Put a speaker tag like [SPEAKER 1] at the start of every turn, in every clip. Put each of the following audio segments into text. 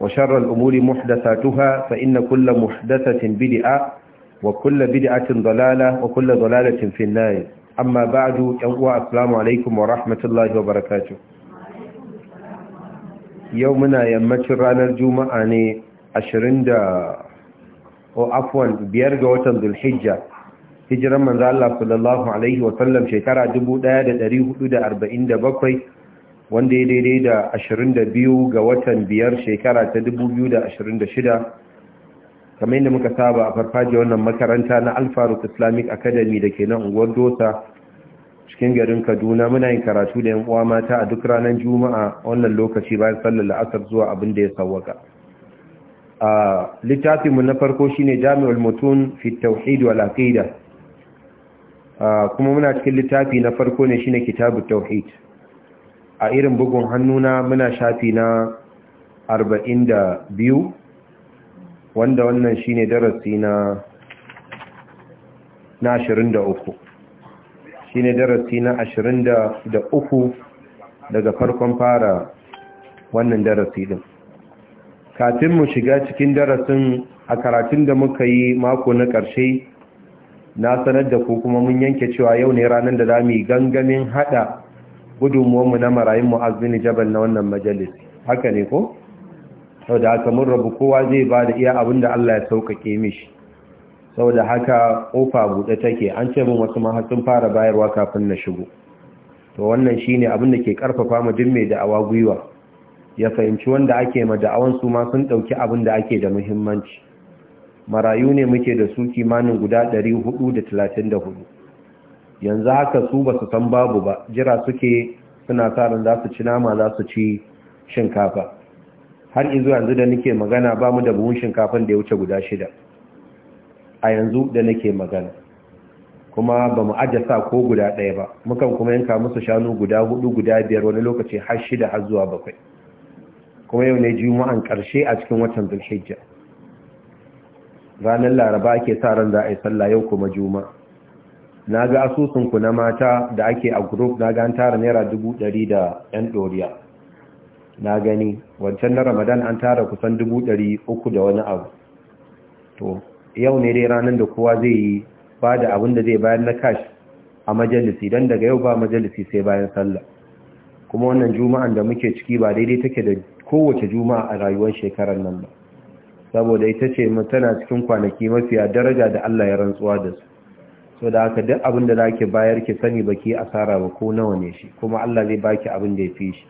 [SPEAKER 1] وشر الأمور محدثاتها فإن كل محدثة بدعة وكل بدعة ضلالة وكل ضلالة في النار أما بعد يوم السلام عليكم ورحمة الله وبركاته يومنا يمتر على الجمعة أني أشرين دا وعفوا بيرجع وتنذ الحجة hijiran manzo Allah sallallahu alaihi wa sallam shekara 1447 wanda ya daidai da 22 ga watan biyar shekara ta 2026 kamar yadda muka saba a farfajiyar wannan makaranta na alfaruk islamic academy da ke nan unguwar dosa cikin garin kaduna muna yin karatu da yanuwa mata a duk ranar juma'a wannan lokaci bayan sallar la'asar zuwa abin da ya sawwaka a littafinmu na farko shine jami'ul mutum fi wal aqida kuma muna cikin littafi na farko ne shine Kitabu tauhid a irin bugun hannuna muna shafi na 42 wanda wannan shine darasi na na 23 shine darasi na 23 daga farkon fara wannan darasi din kafin mu shiga cikin darasin a karatun da muka yi mako na ƙarshe na sanar da ku kuma mun yanke cewa yau ne ranar da za mu yi gangamin hada gudunmuwanmu na marayun mu'azmin jabal na wannan majalis haka ne ko? sau da haka mun rabu kowa zai ba da iya abin da Allah ya sauƙaƙe mishi sau da haka ƙofa buɗe take an ce min wasu maha fara bayarwa kafin na shigo to wannan shi ne abin da ke ƙarfafa mu duk mai da'awa gwiwa ya fahimci wanda ake ma da'awan su ma sun ɗauki abin da ake da muhimmanci marayu ne muke da su kimanin guda ɗari hudu da talatin da hudu yanzu haka su ba su san babu ba jira suke suna tsarin za su ci nama za su ci shinkafa har izu yanzu da nake magana ba mu da buhun shinkafan da ya wuce guda shida a yanzu da nake magana kuma ba mu sa ko guda ɗaya ba mukan kuma yanka musu shanu guda hudu guda biyar wani lokaci har shida har zuwa bakwai kuma yau ne juma'an ƙarshe a cikin watan zulhijja ranar laraba ake sa ran za a yi sallah yau kuma juma'a na ga asusunku na mata da ake a group na ga an tara naira dubu ɗari da yan ɗoriya na gani wancan na ramadan an tara kusan dubu ɗari uku da wani abu to yau ne dai ranar da kowa zai yi ba da abin da zai bayan na cash a majalisi don daga yau ba majalisi sai bayan sallah kuma wannan juma'an da muke ciki ba daidai take da kowace juma'a a rayuwar shekarar nan ba saboda ita ce tana cikin kwanaki mafiya daraja da Allah ya rantsuwa da su so da haka duk abin da zaki bayar ki sani baki asara ba ko nawa ne shi kuma Allah zai baki abin ya fi shi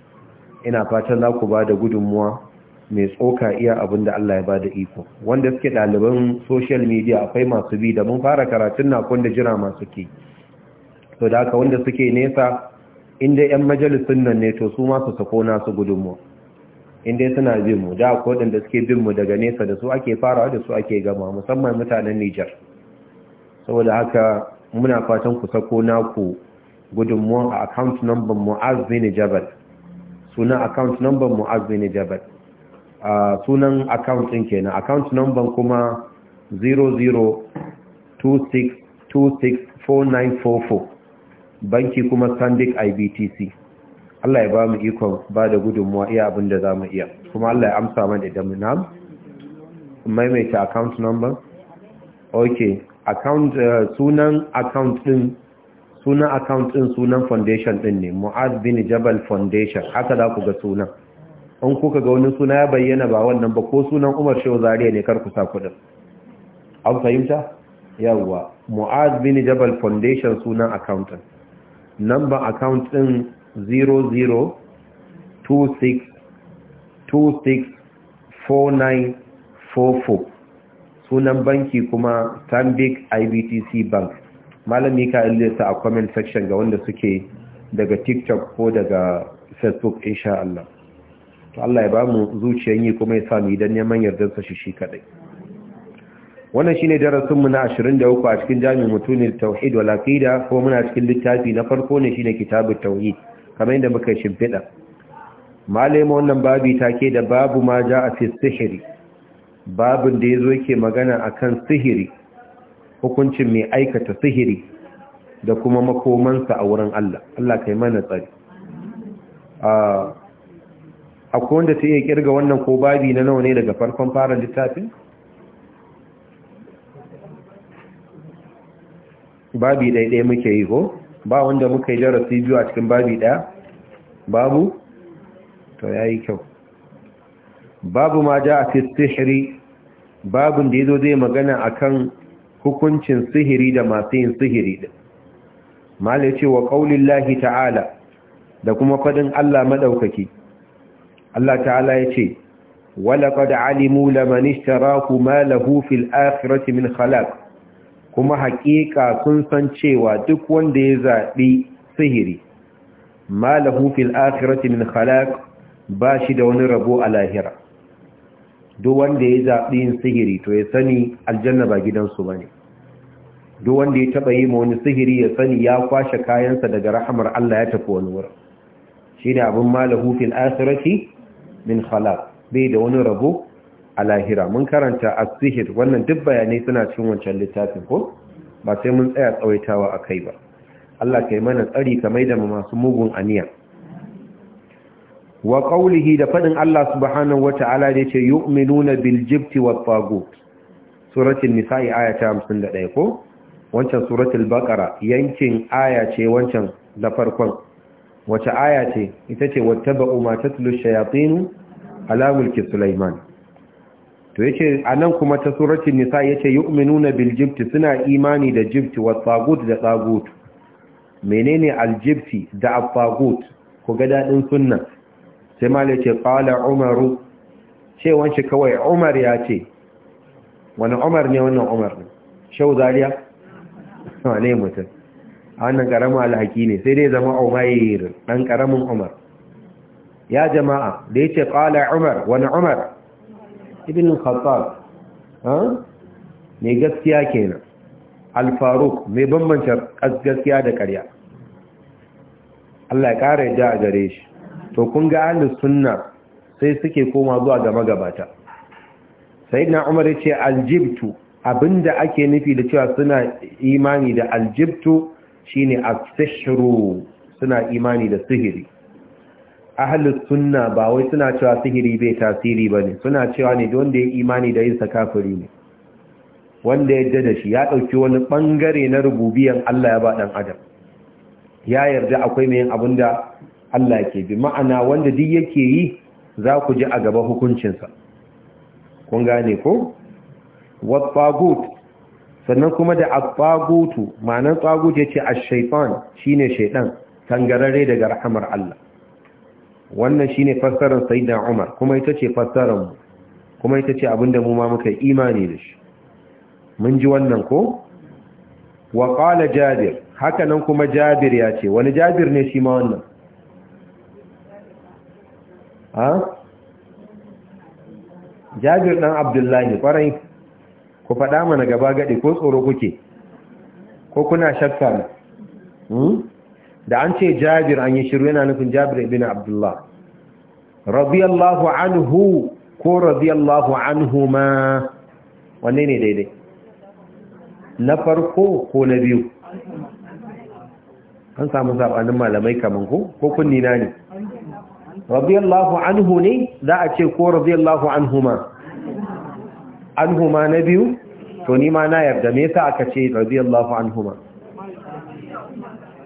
[SPEAKER 1] ina fatan za ku ba da gudunmuwa mai tsoka iya abin Allah ya ba da iko wanda suke ɗaliban social media akwai masu bi da mun fara karatun na kun da jira masu ke so da haka wanda suke nesa inda yan majalisun nan ne to su ma su sako nasu gudunmuwa inda suna bin mu da akwai da suke bin mu daga nesa da su ake farawa da su ake gama musamman mutanen Niger. saboda haka muna fatan ku sako naku gudunmuwan a account number mu'az bin jabal sunan account number mu'az bin jabal a sunan account din kenan account number kuma 0026264944 banki kuma Sandic IBTC Allah ya ba mu ikon ba da gudunmuwa iya abin da za mu iya kuma Allah ya amsa mana idan mu na maimaita account number okay account eh, sunan account din sunan account din sunan foundation din ne Mu'adh bin Jabal Foundation haka za ku ga sunan in kuka ga wani suna ya bayyana ba wannan ba ko sunan Umar Shehu Zariya ne kar ku sa kudin an fahimta yawwa Mu'adh bin Jabal Foundation sunan account din number account din 0026264944 sunan banki kuma stanbic ibtc bank malami mika'il zai a comment section ga wanda suke daga tiktok ko daga facebook insha Allah Allah ya bamu zuciyan yi kuma ya sa mu idan neman yardar sa shi shi kadai wannan shine darasin mu na 23 a cikin jami'in mutunin tauhid wal aqida ko muna cikin littafi na farko ne shine kitabut tauhid kamar yadda muka shimfida malai wannan babi take da babu ma ja'a fi sihiri babin da ya zo yake magana a kan sihiri hukuncin mai aikata sihiri da kuma makomansa a wurin Allah Allah kai mana tsari akwai wanda ta iya kirga wannan ko babi na nawa ne daga farkon fara littafin? babi ɗaiɗaya muke yi ko ba wanda muka yi jarasi biyu a cikin babi ɗaya babu to ya yi kyau babu ma ja a fi sihiri da ya zo zai magana a kan hukuncin sihiri da masu yin sihiri ɗin mala ce wa ƙaunin lahi ta'ala da kuma faɗin Allah maɗaukaki Allah ta'ala ya ce walaƙa da alimu lamanista raku ma fil akhirati min khalaq kuma haƙiƙa sun san cewa duk wanda ya zaɓi sihiri malahu fil akhirati min khalaq ba shi da wani rabo a lahira duk wanda ya zaɓi yin sihiri to ya sani aljanna ba gidansu ba ne duk wanda ya taɓa yi ma wani sihiri ya sani ya kwashe kayansa daga rahamar Allah ya tafi wani wurin shi ne abin mala hufin asirati min khalaf bai da wani rabo a lahira mun karanta a sihir wannan duk bayanai suna cin wancan littafin ko ba sai mun tsaya tsawaitawa a kai ba Allah kai mana tsari ka da masu mugun aniya wa qawlihi da fadin Allah subhanahu ta’ala da ce, yu'minuna bil jibti wa tagut suratul nisa'i ayata 51 ko wancan suratul baqara yankin aya ce wancan da farkon wace aya ce ita ce wattaba'u ma tatlu shayatin ala mulki sulaiman to a anan kuma ta suratul nisa ce, yu'minuna bil jibti suna imani da jibti wa tagut da tagut menene al jibti da al tagut ku ga dadin sunan?" sai mala ce qala umaru ce wance kawai umar ya ce wani umar ne wannan umar ne shau zariya wane mutum a wannan karamin alhaki ne sai dai zama umar dan karamin umar ya jama'a da ya ce qala umar wani umar ibn khattab mai gaskiya kenan alfaruk mai bambancin gaskiya da karya Allah ya ƙara ya ja a gare shi to kun ga ahlus sunna sai suke koma zuwa ga magabata sayyidina umar yace aljibtu abinda ake nufi da cewa suna imani da aljibtu shine asihru suna imani da sihiri ahlus sunna ba wai suna cewa sihiri bai tasiri bane suna cewa ne da wanda ya imani da yinsa kafiri ne wanda ya da shi ya dauki wani bangare na rububiyan Allah ya ba dan adam ya yarda akwai mai yin abinda Allah ke bi ma'ana wanda duk yake yi za ku ji a gaba hukuncinsa kun gane ko wattagut sannan kuma da abagutu ma'anar tsagut yace ash-shaytan shine shaytan tangarare daga rahamar Allah wannan shine fassarar sayyida Umar kuma ita ce fassarar mu kuma ita ce abinda mu ma muka imani da shi mun ji wannan ko wa qala jabir haka nan kuma jabir yace wani jabir ne shi ma wannan ha jabir dan abdullahi kwarai ku faɗa mana gaba gaɗi ko tsoro kuke ko kuna shakka ne hmm? da an ce jabir an yi shiru yana nufin jabir ibn abdullah radiyallahu anhu ko radiyallahu anhu ma wanne ne daidai na farko ko na biyu an samu sabanin malamai kamar ko ko kunni na ne radiyallahu anhu ne za a ce ko radiyallahu anhuma anhuma na biyu to ni ma na yarda me yasa aka ce radiyallahu anhuma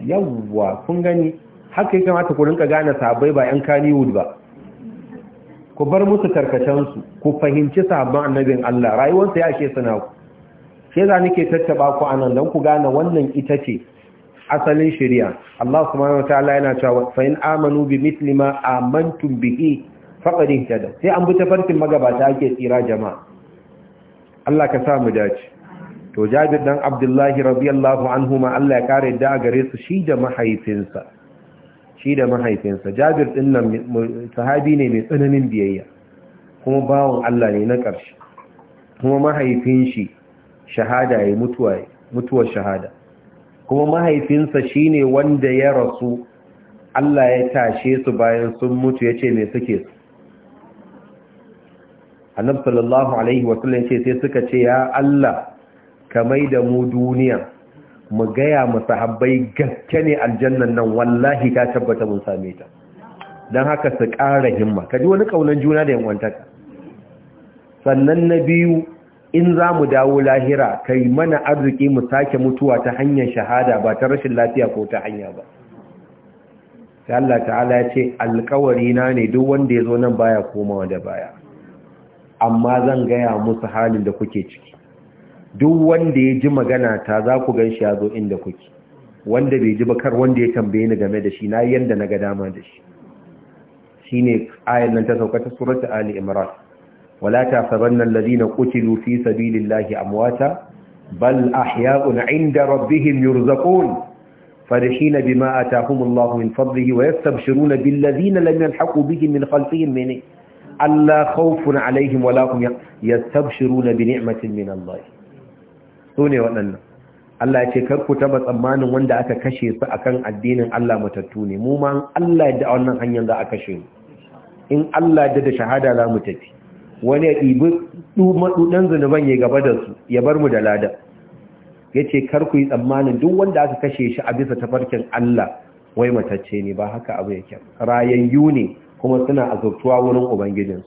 [SPEAKER 1] yawwa kun gani haka yake mata ku rinka gane sahabbai ba yan kaniwood ba ku bar musu su ku fahimci sahabban annabin Allah rayuwarsa ya ashe suna ku sai za nake tattaba ku anan dan ku gane wannan ita ce asalin shari'a Allah subhanahu wataala yana cewa fa in amanu bi mithli ma amantum bihi faqad ihtada sai an bi farkin magabata ake tsira jama'a Allah ka sa mu dace to Jabir dan Abdullah radiyallahu anhuma Allah ya kare da gare su shi da mahaifinsa shi da mahaifinsa Jabir din nan sahabi ne mai tsananin biyayya kuma bawon Allah ne na ƙarshe kuma mahaifin shi shahada ya mutuwa mutuwar shahada kuma mahaifinsa shine wanda ya rasu Allah ya tashe su bayan sun mutu ya ce mai suke su annab sallallahu alaihi wasallam ce sai suka ce ya Allah ka mai da mu duniya mu gaya mu sahabbai gaske ne aljannan nan wallahi ka tabbata mun same ta don haka su ƙara himma ka ji wani ƙaunar juna da yanwantaka sannan na biyu in za mu dawo lahira kai mana arziki mu sake mutuwa ta hanyar shahada ba ta rashin lafiya ko ta hanya ba sai Allah ta'ala ya ce alkawari na ne duk wanda ya zo nan baya komawa da baya amma zan gaya musu halin da kuke ciki duk wanda ya ji magana ta za ku gan shi ya zo inda kuke wanda bai ji bakar wanda ya tambaye ni game da shi na yanda na ga dama da shi shine ayan nan ta sauka ta surata ali imran wala tasabanna alladhina qutilu fi sabilillahi amwata bal ahya'un 'inda rabbihim yurzaqun farihina bima atahumullahu min fadlihi wa yastabshiruna billadhina lam yalhaqu bihim min khalfihim min alla khawfun 'alayhim wala hum yastabshiruna bi ni'matin min Allah sune wadannan Allah ya ce kar ku taba tsammanin wanda aka kashe su akan addinin Allah matattu ne mu ma Allah ya da wannan hanyar za a kashe mu in Allah da da shahada za mu tafi wani ya ɗibi ɗumaɗuɗan zunuban ya gaba da su ya bar mu da lada. ya ce karku yi tsammanin duk wanda aka kashe shi a bisa tafarkin Allah wai matacce ne ba haka abu ya rayan yu ne kuma suna azurtuwa wurin ubangijinsu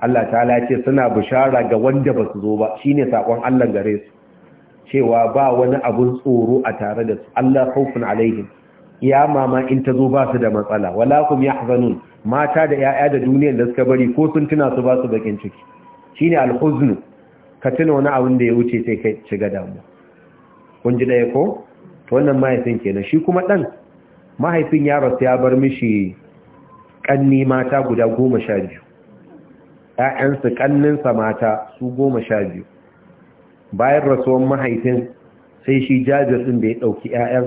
[SPEAKER 1] Allah Ta ya ce suna bishara ga wanda ba su zo ba Shi ne saƙon Allah gare su cewa ba wani abun tsoro a tare da su Allah khawfun alaihim ya mama in ta zo ba su da matsala wala kum yahzanun mata da 'ya'ya da duniyar da suka bari ko sun tuna su ba su bakin ciki shine alhuznu ka tuna wani abin da ya wuce sai ka shiga damu kun ji ɗaya ko to wannan mahaifin kenan shi kuma ɗan mahaifin rasu ya bar mishi ƙanni mata guda goma sha biyu ‘ya'yansu ƙanninsa mata su goma sha biyu bayan rasuwan mahaifin sai shi jajirin ɗin da ya ɗauki ‘ya'yan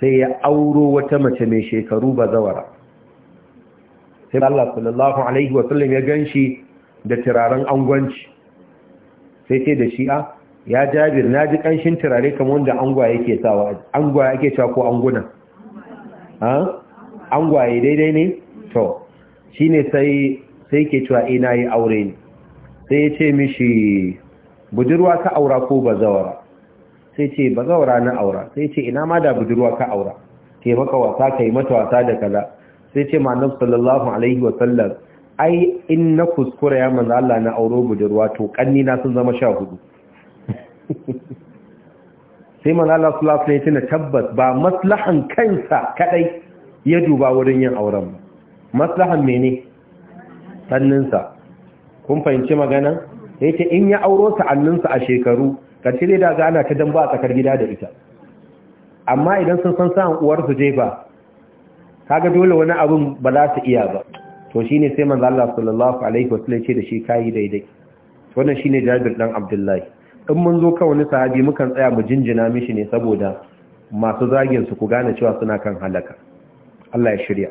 [SPEAKER 1] sai ya auro wata mace mai shekaru ba zawara sai Allah sallallahu alaihi wasallam ya ganshi da turaren angwanci sai ce da shi'a ah, ya jabir na ji kanshin turare kamar wanda angwa yake sawa angwa yake cewa ko anguna ha ah, ya daidai ne to shi ne sai ke cewa ina eh, yi aure ne sai ya ce mishi budurwa ka aura ko bazawara sai ce bazawara na aura sai ce ina ma da budurwa ka aura ke maka wasa ka yi mata wasa da kaza sai ce ma sallallahu alaihi wa sallar, ai in na kuskura ya manzo Allah na auro budurwa to kanni na sun zama sha hudu sai manzo Allah sallallahu alaihi wasallam ya tabbas ba maslahan kansa kadai ya duba wurin yin auren maslahan mene sanninsa kun fahimci magana yace in ya auro ta annunsa a shekaru ka cire da ana ta damba a tsakar gida da ita amma idan sun san sa'an uwar su je ba kaga dole wani abin ba za su iya ba to shine sai manzo Allah sallallahu alaihi wasallam ce da shi kai daidai wannan shine Jabir dan Abdullahi in mun zo ka wani sahabi mukan tsaya mu jinjina mishi ne saboda masu zagin su ku gane cewa suna kan halaka Allah ya shirya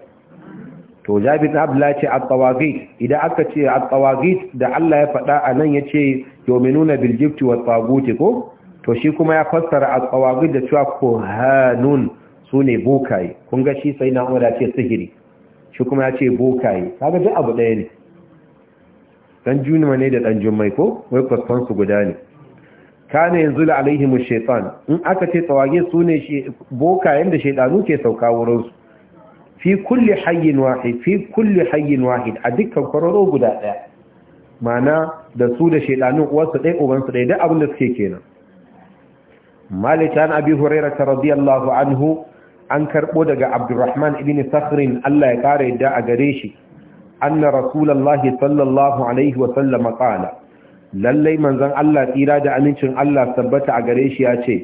[SPEAKER 1] to Jabir dan Abdullahi ce at-tawagit idan aka ce at-tawagit da Allah ya faɗa anan yace yu'minuna bil jibti wat ko to shi kuma ya fassara at-tawagit da cewa ko hanun su ne bokaye kun ga shi sai na umar ce sihiri shi kuma ya ce bokaye kaga duk abu ɗaya ne dan junima ne da dan jummai ko wai kwasfan su guda ne kana yanzu la alaihim shaytan in aka ce tsawage su ne shi bokayen da shaydanu ke sauka wurin su fi kulli hayyin wahid fi kulli hayyin wahid a dukkan kwararo guda ɗaya. mana da su da shaydanun uwarsu dai uban su dai duk abin da suke kenan malik an abi hurairah radiyallahu anhu an karbo daga abdurrahman ibn sakhrin Allah ya kare yadda a gare shi anna rasulullahi sallallahu alaihi wa sallam qala lallai manzon Allah tsira da amincin Allah tabbata a gare shi ya ce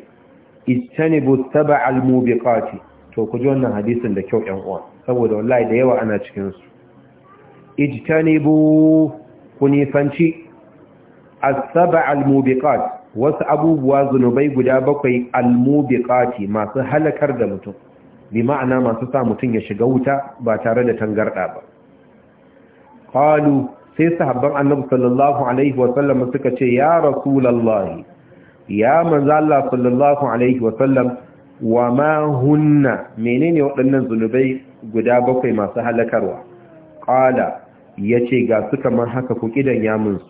[SPEAKER 1] istanibu sab'al mubiqati to ku ji wannan hadisin da kyau ɗan uwa saboda wallahi da yawa ana cikin su ijtanibu kunifanci as-sab'al mubiqati wasu abubuwa zunubai guda bakwai al-mubiqati masu halakar da mutum bi ma'ana masu sa mutum ya shiga wuta ba tare da tangarda ba qalu sai sahabban annabi sallallahu alaihi wasallam suka ce ya rasulullahi ya manzo Allah sallallahu alaihi wasallam wa ma hunna menene waɗannan zunubai guda bakwai masu halakarwa qala yace ga su kamar haka ku kidan ya munsu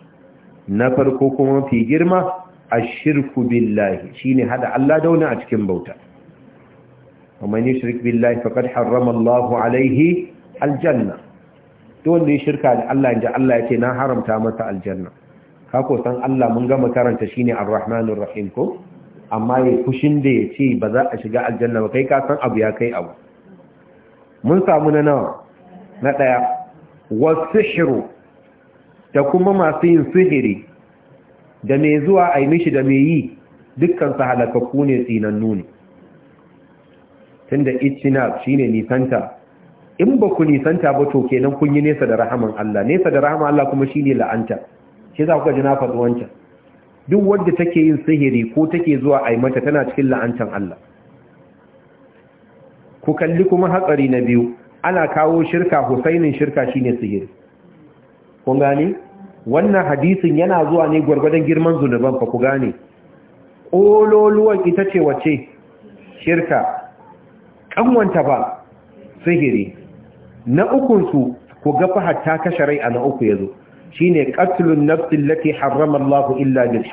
[SPEAKER 1] na farko kuma fi girma ashirku billahi shine hada Allah da wani a cikin bauta ومن يشرك بالله فقد حرم الله عليه الجنة دون دي شركة الله إن الله يتنا حرم تامة الجنة kako san Allah mun gama karanta shine Ar-Rahmanur Rahim ko amma yayin kushin da yace ba za a shiga aljanna ba kai ka san abu ya kai abu mun samu na nawa na daya wasihru da kuma masu yin sihiri da mai zuwa ai mishi da mai yi dukkan su halakakku ne tsinannu ne tunda shi shine nisanta in ba ku nisanta ba to kenan kun yi nesa da rahaman Allah nesa da rahaman Allah kuma shine la'anta shi za ku ga jina faɗi wancan duk wanda take yin sihiri ko take zuwa ai mata tana cikin la'antan Allah ku kalli kuma hatsari na biyu ana kawo shirka Husainin shirka shine sihiri kun gane wannan hadisin yana zuwa ne gwargwadon girman zunuban fa ku gane ƙololuwan ita ce wace shirka ƙanwanta ba sihiri na ukunsu ku gafa hatta kashe rai a na uku ya zo shi ne ƙasulun nafsin lati haramar illa bil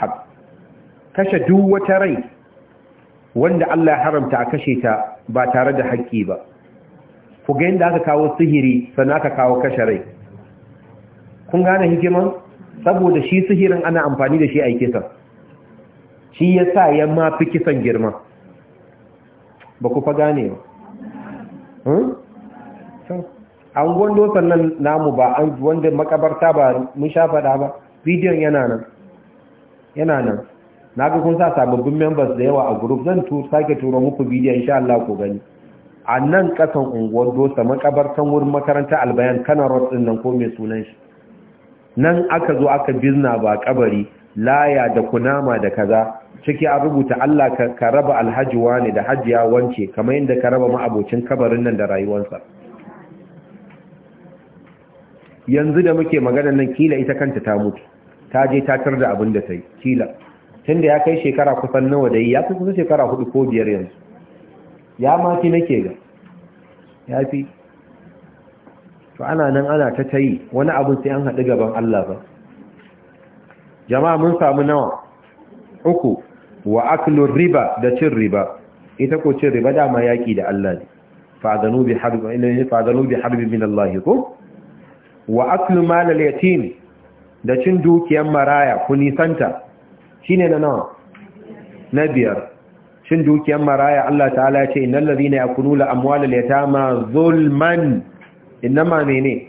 [SPEAKER 1] kashe duk wata rai wanda Allah ya haramta a kashe ta ba tare da haƙƙi ba ku ga yadda aka kawo sihiri sannan aka kawo kashe rai kun gane hikiman saboda shi sihirin ana amfani da shi a kisan shi ya sa ya mafi kisan girma ba ku fa gane ba Hmm? an gwando sannan namu ba an wanda makabarta ba mun sha faɗa ba bidiyon yana nan yana nan na ga kun sa sababbin members da yawa a group zan tu sake turo muku bidiyon insha Allah ku gani a nan kasan unguwar dosa makabartan wurin makaranta albayan kana road din nan ko mai sunan shi nan aka zo aka bizna ba kabari laya da kunama da kaza ciki a rubuta Allah ka raba alhajiwa ne da hajiya wance kamar yadda ka raba ma'abocin kabarin nan da rayuwarsa yanzu da muke magana nan kila ita kanta ta mutu ta je ta tar da abin da ta yi kila tunda ya kai shekara kusan nawa da yi ya kusa shekara hudu ko biyar yanzu ya mafi nake ga ya fi to ana nan ana ta ta yi wani abin sai an haɗu gaban Allah ba jama'a mun samu nawa uku wa aklun riba da cin riba ita ko cin riba dama yaƙi da Allah ne fa'adanu bi harbi inna fa'adanu bi harbi min Allah ko wa aklun mal al yatim da cin dukiyar maraya ku nisanta ne na nawa na biyar cin dukiyar maraya Allah ta'ala ya ce innal ladhina yakuluna amwalal yatama zulman inma mene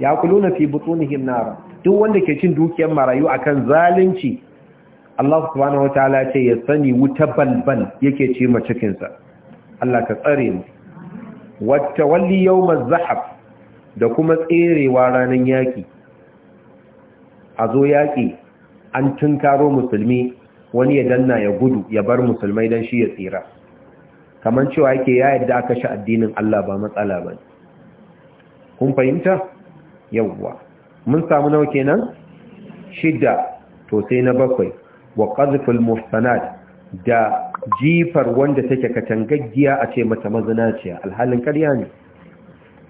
[SPEAKER 1] yakuluna fi butunihim nar duk wanda ke cin dukiyar marayu akan zalunci Allah subhanahu wataala ce ya sani wuta balbal yake ce ma cikin Allah ka tsare mu wata walli yawmaz zahab da kuma tserewa ranan yaki a zo yaki an tunkaro musulmi wani ya danna ya gudu ya bar musulmai dan shi ya tsira kaman cewa yake ya yadda aka shi addinin Allah ba matsala ba kun fahimta yawwa mun samu nawa kenan shida to sai na bakwai wa qazful muhsanat da jifar wanda take katangaggiya a ce mata mazinaciya alhalin ƙarya ne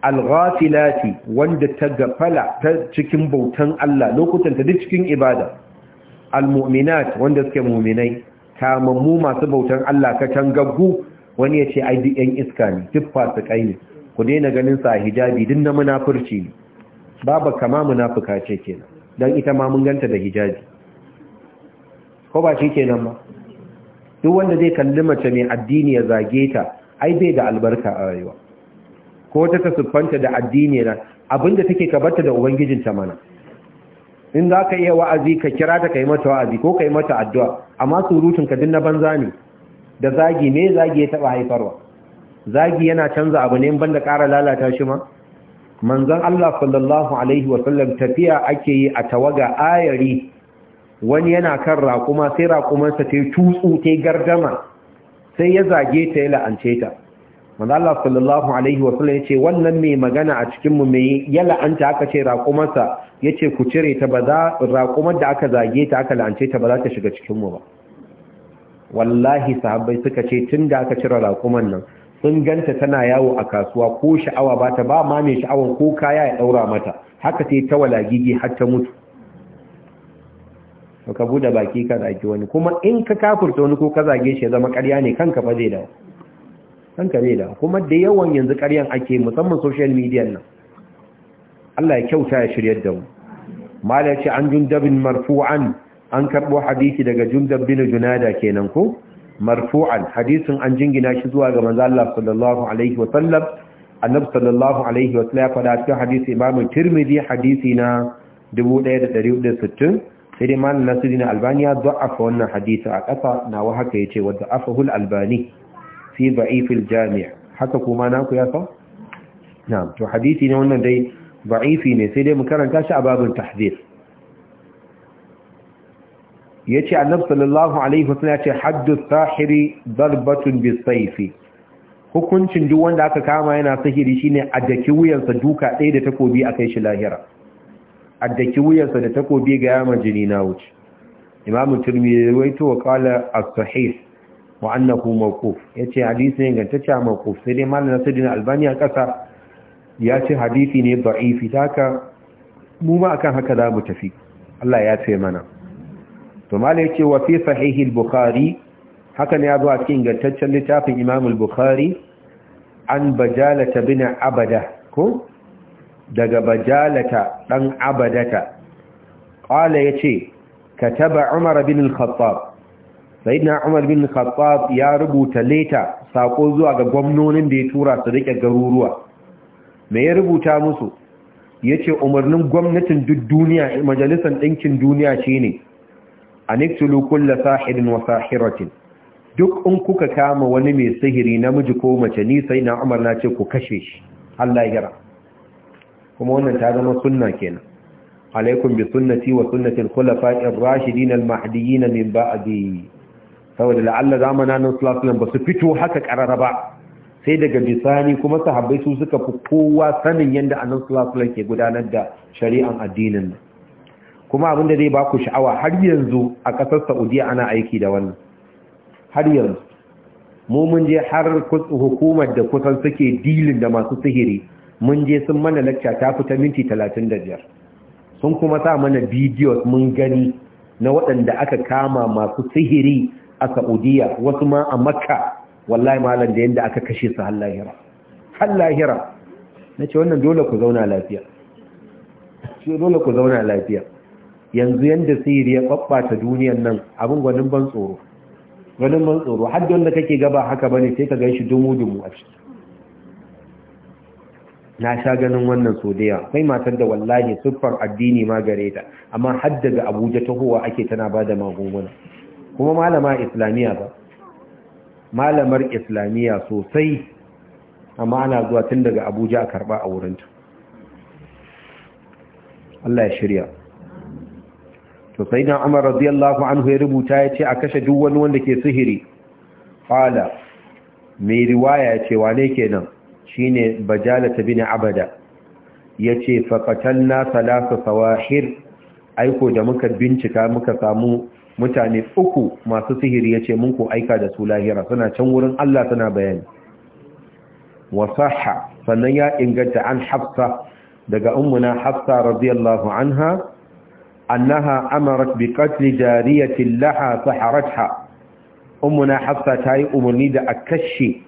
[SPEAKER 1] alghafilati wanda ta gafala ta cikin bautan Allah lokutan ta duk cikin ibada almu'minat wanda suke mu'minai mu masu bautan Allah katangaggu wani ya ce ai duk yan iska ne duk kai ne ku daina ganin sa hijabi duk na munafurci ne babu kama munafuka ce kenan Don ita ma mun ganta da hijabi ko ba shi kenan ba duk wanda zai kalli mace mai addini ya zage ta ai bai da albarka a rayuwa ko ta ta siffanta da addini na abinda take kabarta da ubangijinta mana in za ka iya wa'azi ka kira ta kai mata wa'azi ko kai mata addu'a amma surutun ka din na banza ne da zagi me zagi ya taba haifarwa zagi yana canza abu ne ban banda ƙara lalata shi ma manzon Allah sallallahu alaihi wa sallam tafiya ake yi a tawaga ayari wani yana kan raƙuma sai raƙumansa ta yi tutsu ta yi gardama sai ya zage ta ya la'ance ta wanda Allah sallallahu alaihi wasallam ya yace wannan mai magana a cikinmu mai ya la'anta aka ce raƙumarsa ce ku cire ta ba za raƙumar da aka zage ta aka la'ance ta ba za ta shiga cikinmu ba wallahi sahabai suka ce tun da aka cire raƙuman nan sun ganta tana yawo a kasuwa ko sha'awa ba ta ba ma mai sha'awan ko kaya ya ɗaura mata haka sai ta walagigi har ta mutu to ka bude baki ka zagi wani kuma in ka kafurta wani ko ka zage shi ya zama ƙarya ne kanka ba zai dawo kanka zai dawo kuma da yawan yanzu ƙaryan ake musamman social media nan Allah ya kyauta ya shiryar da mu mala ce an jundabin marfu'an an karbo hadisi daga jundab bin junada kenan ko marfu'an hadisin an jingina shi zuwa ga manzo Allah sallallahu alaihi wa sallam annabi sallallahu alaihi wa sallam ya faɗa cikin hadisi imamu tirmidhi hadisi na 1160. sai dai malam nasirin albani ya da'afa wannan hadisa a ƙasa nawa haka ya ce wadda afahul albani fi ba'ifil jami'a haka kuma na ku ya san? na to hadisi ne wannan dai ba'ifi ne sai dai mu karanta shi a babin tahzir ya ce annab sallallahu alaihi wasu ya ce haddu sahiri zarbatun bi saifi hukuncin duk wanda aka kama yana sahiri shine a daki wuyansa duka ɗaya da takobi a kai shi lahira addaki wuyarsa da takobi ga yama jini na wuce imamu turmi ruwaito wa kala al sahih wa annahu mawquf yace hadisi ne gantacce mawquf sai dai malam nasiruddin albani a kasa ya ce hadisi ne da'ifi taka mu ma akan haka za mu tafi Allah ya ce mana to ya yace wa fi sahihi al-bukhari haka ne ya zo a cikin gantaccen littafin imamu bukhari an ta bin abada ko daga bajalata ɗan abadata Ƙwale ya ce ka taba umar bin al-khattab umar bin al-khattab ya rubuta leta saƙo zuwa ga gwamnonin da ya tura su riƙe garuruwa me ya rubuta musu ya ce umarnin gwamnatin duk duniya majalisar ɗinkin duniya shi ne a niktulu kulla sahirin wa sahiratin duk in kuka kama wani mai sihiri namiji ko mace ni sai na umar na ce ku kashe shi Allah ya kuma wannan ta zama sunna kenan alaikum bi sunnati wa sunnati al-khulafa'i ar-rashidin al-mahdiyyin min ba'di saboda la'alla zamana nan sallallahu ba su fito haka karara ba sai daga bisani kuma sahabbai su suka fi kowa sanin yadda annabi sallallahu ke gudanar da shari'an addinin kuma abin da zai baku sha'awa har yanzu a kasar Saudiya ana aiki da wannan har yanzu mu mun je har hukumar da kusan suke dilin da masu sihiri mun je sun mana lacca ta fita minti talatin da biyar sun kuma sa mana bidiyo mun gani na waɗanda aka kama masu sihiri a Saudiya wasu ma a Makka wallahi malam da yanda aka kashe su hallahira. Hallahira. Na ce nace wannan dole ku zauna lafiya shi dole ku zauna lafiya yanzu yanda sihiri ya babbata duniyar nan abin gwanin ban tsoro gwanin ban tsoro har da wanda kake gaba haka bane sai ka ganshi dumu dumu a cikin na sha ganin wannan so da yawa matar da wallahi siffar addini ma gare ta amma har daga abuja tahowa ake tana ba da magunguna kuma malama islamiyya ba malamar islamiyya sosai amma ana zuwa tun daga abuja a karba a wurinta Allah ya shirya to sai dan Umar radiyallahu anhu ya rubuta ya ce a kashe duk wani wanda ke sihiri Fala mai riwaya ya ce wane kenan shine bajalata bin abada yace faqatalna salasu sawahir aiko da muka bincika muka samu mutane uku masu sihiri yace mun ko aika da su lahira suna can wurin Allah suna bayani wa sahha sannan ya inganta an hafsa daga ummuna hafsa radiyallahu anha annaha amarat bi qatl jariyatin laha saharatha ummuna hafsa tayi umurni da akashi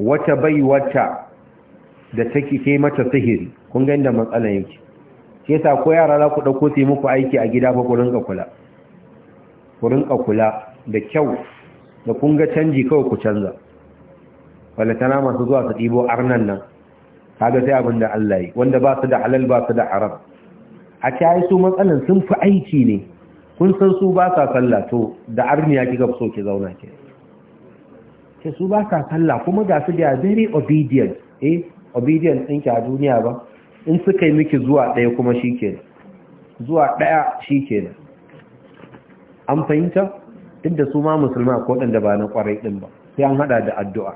[SPEAKER 1] wata bai wata da take ke mata sihiri kun ga inda matsalan yake Ke yasa ko yara za ku dauko sai muku aiki a gida fa ku rinka kula ku rinka kula da kyau da kun ga canji kawai ku canza wala tana masu zuwa su ɗibo arnan nan kaga sai abin da Allah yi wanda ba su da halal ba su da haram a ta su matsalan sun fi aiki ne kun san su ba sa sallah to da arniya kika so ki zauna ke sai su ba sa sallah kuma ga su da very obedient eh obedient ɗinki a duniya ba in suka yi miki zuwa ɗaya kuma shikenan zuwa ɗaya shikenan an fahimta duk da su ma musulma ko da ba na kwarai ɗin ba sai an haɗa da addu'a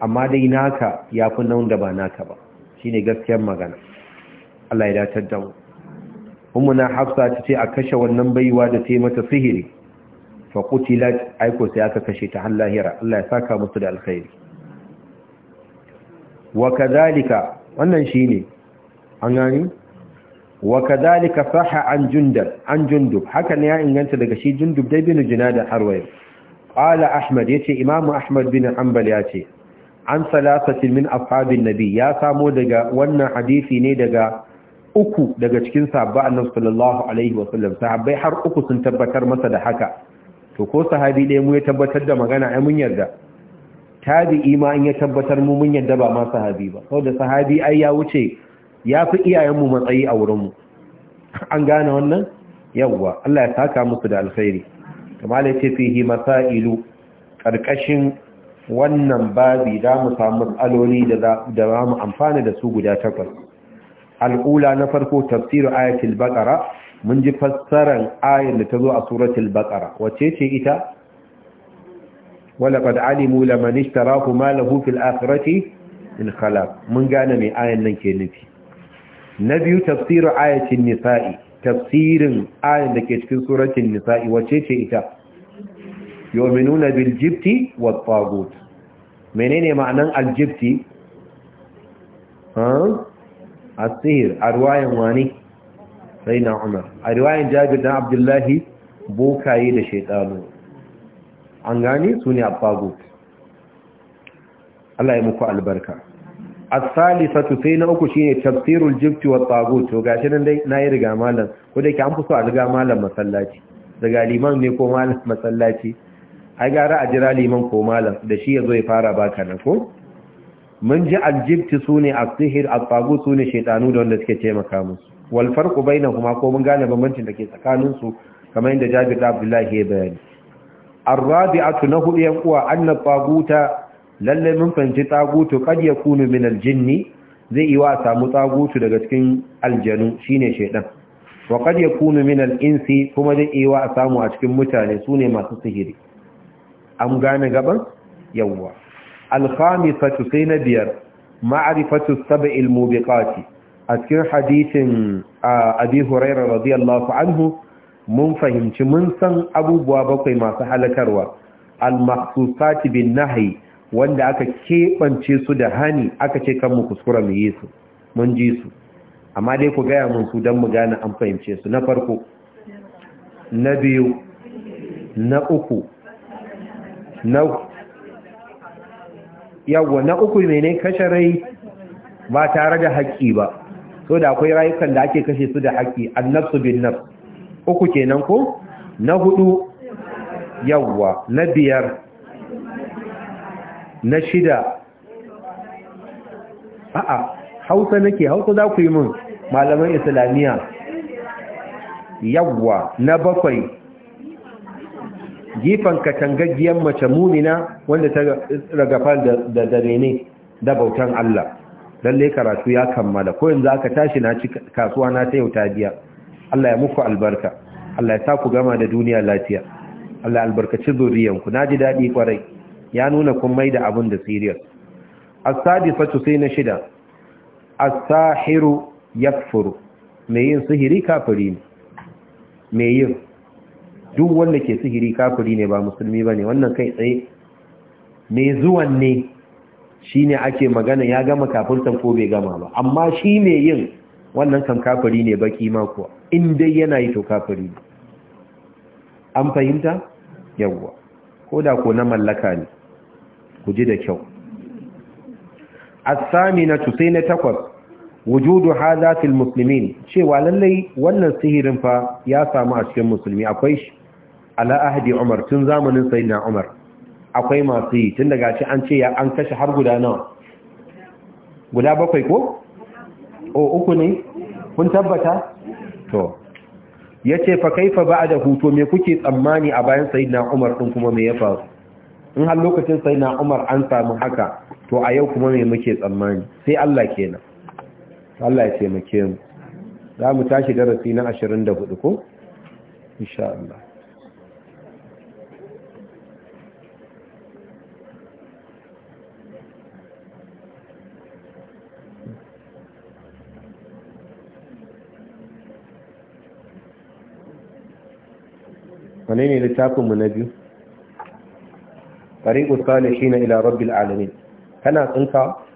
[SPEAKER 1] amma dai naka ya fi nan da ba naka ba shine gaskiyar magana Allah ya datar da mu ummuna hafsa ta ce a kashe wannan baiwa da ta yi mata sihiri fa qutilat aiko sai aka kashe ta har Allah ya saka musu da alkhairi wa kadhalika wannan shine an gani wa an jundub an jundub haka ne ya inganta daga shi jundub dai bin junada harwayr qala ahmad yace imam ahmad bin ya ce, an salasatin min ashabin nabi ya samo daga wannan hadisi ne daga uku daga cikin sahabba annabi sallallahu alaihi wasallam sahabbai har uku sun tabbatar masa da haka to ko sahabi ɗaya mu ya tabbatar da magana ai mun yarda tabi'i ma in ya tabbatar mu mun yarda ba ma sahabi ba saboda sahabi ai ya wuce ya fi mu matsayi a wurin mu an gane wannan yawwa Allah ya saka musu da alkhairi kamar ya ce fihi masailu karkashin wannan babi za mu samu matsaloli da za mu amfana da su guda takwas al'ula na farko tafsirin ayatul baqara mun ji fassaran ayar da ta zo a suratul baqara wace ce ita walaqad alimu laman ishtarahu ma lahu fil akhirati in khalaq mun gane me ayan nan ke nufi na biyu tafsirin ayatin nisa'i tafsirin ayan da ke cikin suratul nisa'i wace ce ita yu'minuna bil jibti wat tagut menene ma'anan al jibti ha asir arwayan wani sai na umar a riwayan jabir dan abdullahi bokaye da shaidanu an gane su ne abbago Allah ya muku albarka as-salisatu sai na uku shine tafsirul jibt wa tagut to gashi nan dai nayi riga malam ko dai ki an fuso a riga malam masallaci daga liman ne ko malam masallaci ai gara a jira liman ko malam da shi yazo ya fara baka nan ko mun ji aljibti sune as-sihir at-tagut sune shaytanu da wanda suke taimaka musu Walfar farqu bainahuma ko mun gane bambancin da ke tsakanin su kamar yadda jabi da Abdullahi ya bayani ar na hudu yan uwa anna taguta lallai mun fanci tagutu kad yakunu min al-jinni zai iwa samu tagutu daga cikin aljanu shine shaydan wa kad yakunu min al-insi kuma zai iwa a samu a cikin mutane sune masu sihiri an gane gaban yawwa al-khamisatu sai na biyar ma'rifatu ilmu biƙati. a cikin hadisin abi huraira radiyallahu anhu mun fahimci mun san abubuwa bakwai masu halakarwa al-mahsusati bin nahi wanda aka keɓance su da hani aka ce kan mu kuskura mu yi su mun ji su amma dai ku gaya mun su don mu gane an fahimce su na farko na biyu na uku na yawwa na uku mene kashe rai ba tare da haƙƙi ba so da akwai rayukan da ake kashe su da haƙƙi annabsu bin nafs uku kenan ko na hudu yawwa na biyar na shida a'a hausa nake hausa za ku yi mun malaman islamiyya yawwa na bakwai gifan katangaggiyar mace mumina wanda ta ragafar da dare ne da bautan Allah lalle karatu ya kammala ko yanzu aka tashi na ci kasuwa na ta yau ta biya Allah ya muku albarka Allah ya sa ku gama da duniya lafiya Allah albarkaci zuriyanku na ji daɗi kwarai ya nuna kun mai da abin da siriyar as sai na shida as-sahiru yakfuru Me yin sihiri kafiri ne Me yin duk wanda ke sihiri kafiri ne ba musulmi bane wannan kai tsaye Me zuwan ne Shi ne ake magana ya gama kafirtan ko bai gama ba amma shi ne yin wannan kan kafiri ne baki mako inda yana yi to kafiri an fahimta yawwa ko da ko na mallaka ne ku ji da kyau asami na tusai na takwas wujudu hadha fil cewa lallai wannan sihirin fa ya samu a cikin musulmi akwai shi ala ahdi umar tun zamanin sayyidina umar akwai masu yi tun daga ce an ce ya an kashe har guda nawa guda bakwai ko? o uku ne? kun tabbata? to ya ce fa kaifa ba a da hutu me kuke tsammani a bayan sayidina umar ɗin kuma me ya faru in har lokacin sayidina umar an samu haka to a yau kuma me muke tsammani sai Allah kenan Allah ya taimake mu za mu tashi darasi na 24 ko? insha Allah wane ne littafinmu na biyu tariqu salihin ila rabbil alamin kana tsinka